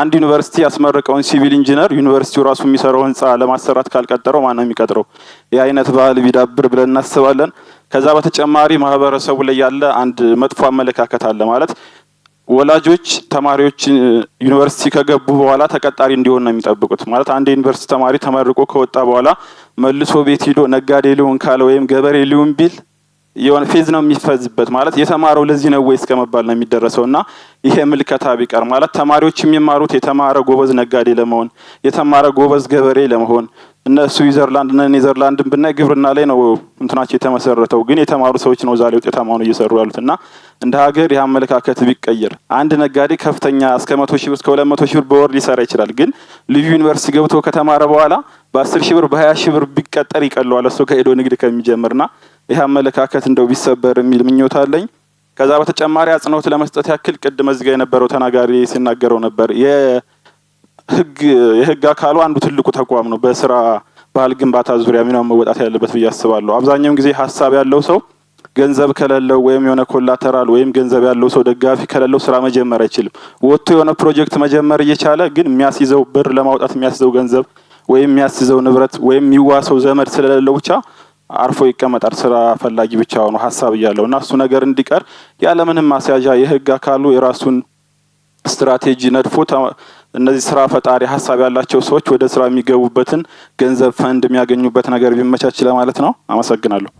አንድ ዩኒቨርሲቲ ያስመረቀውን ሲቪል ኢንጂነር ዩኒቨርሲቲው ራሱ የሚሰራው ህንፃ ለማሰራት ካልቀጠረው ማን ነው የሚቀጥረው? ይህ አይነት ባህል ቢዳብር ብለን እናስባለን። ከዛ በተጨማሪ ማህበረሰቡ ላይ ያለ አንድ መጥፎ አመለካከት አለ ማለት ወላጆች ተማሪዎች ዩኒቨርሲቲ ከገቡ በኋላ ተቀጣሪ እንዲሆን ነው የሚጠብቁት። ማለት አንድ ዩኒቨርሲቲ ተማሪ ተመርቆ ከወጣ በኋላ መልሶ ቤት ሂዶ ነጋዴ ሊሆን ካለ ወይም ገበሬ ሊሆን ቢል የሆነ ፌዝ ነው የሚፈዝበት ማለት የተማረው ለዚህ ነው ወይስ ከመባል ነው የሚደረሰው። እና ይሄ ምልከታ ቢቀር ማለት ተማሪዎች የሚማሩት የተማረ ጎበዝ ነጋዴ ለመሆን የተማረ ጎበዝ ገበሬ ለመሆን እነ ስዊዘርላንድ እነ ኔዘርላንድን ብናይ ግብርና ላይ ነው እንትናቸው የተመሰረተው፣ ግን የተማሩ ሰዎች ነው ዛሬ ውጤታማ ሆነው እየሰሩ ያሉት። እና እንደ ሀገር የአመለካከት አመለካከት ቢቀየር አንድ ነጋዴ ከፍተኛ እስከ መቶ ሺህ ብር እስከ ሁለት መቶ ሺህ ብር በወር ሊሰራ ይችላል። ግን ልዩ ዩኒቨርሲቲ ገብቶ ከተማረ በኋላ በአስር ሺህ ብር በሀያ ሺህ ብር ቢቀጠር ይቀለዋል እሱ ከሄዶ ንግድ ከሚጀምርና ይህ አመለካከት እንደው ቢሰበር የሚል ምኞት አለኝ። ከዛ በተጨማሪ አጽንኦት ለመስጠት ያክል ቅድም ዝጋ የነበረው ተናጋሪ ሲናገረው ነበር የህግ የህግ አካሉ አንዱ ትልቁ ተቋም ነው። በስራ ባህል ግንባታ ዙሪያ ሚናውን መወጣት ያለበት ብዬ አስባለሁ። አብዛኛውን ጊዜ ሀሳብ ያለው ሰው ገንዘብ ከሌለው ወይም የሆነ ኮላተራል ወይም ገንዘብ ያለው ሰው ደጋፊ ከሌለው ስራ መጀመር አይችልም። ወጥቶ የሆነ ፕሮጀክት መጀመር እየቻለ ግን የሚያስይዘው ብር ለማውጣት የሚያስይዘው ገንዘብ ወይም የሚያስይዘው ንብረት ወይም የሚዋሰው ዘመድ ስለሌለው ብቻ አርፎ ይቀመጣል። ስራ ፈላጊ ብቻ ሆኖ ሀሳብ እያለው እና እሱ ነገር እንዲቀር ያለምንም ማስያዣ የህግ አካሉ የራሱን ስትራቴጂ ነድፎ እነዚህ ስራ ፈጣሪ ሀሳብ ያላቸው ሰዎች ወደ ስራ የሚገቡበትን ገንዘብ ፈንድ የሚያገኙበት ነገር ቢመቻች ለማለት ነው። አመሰግናለሁ።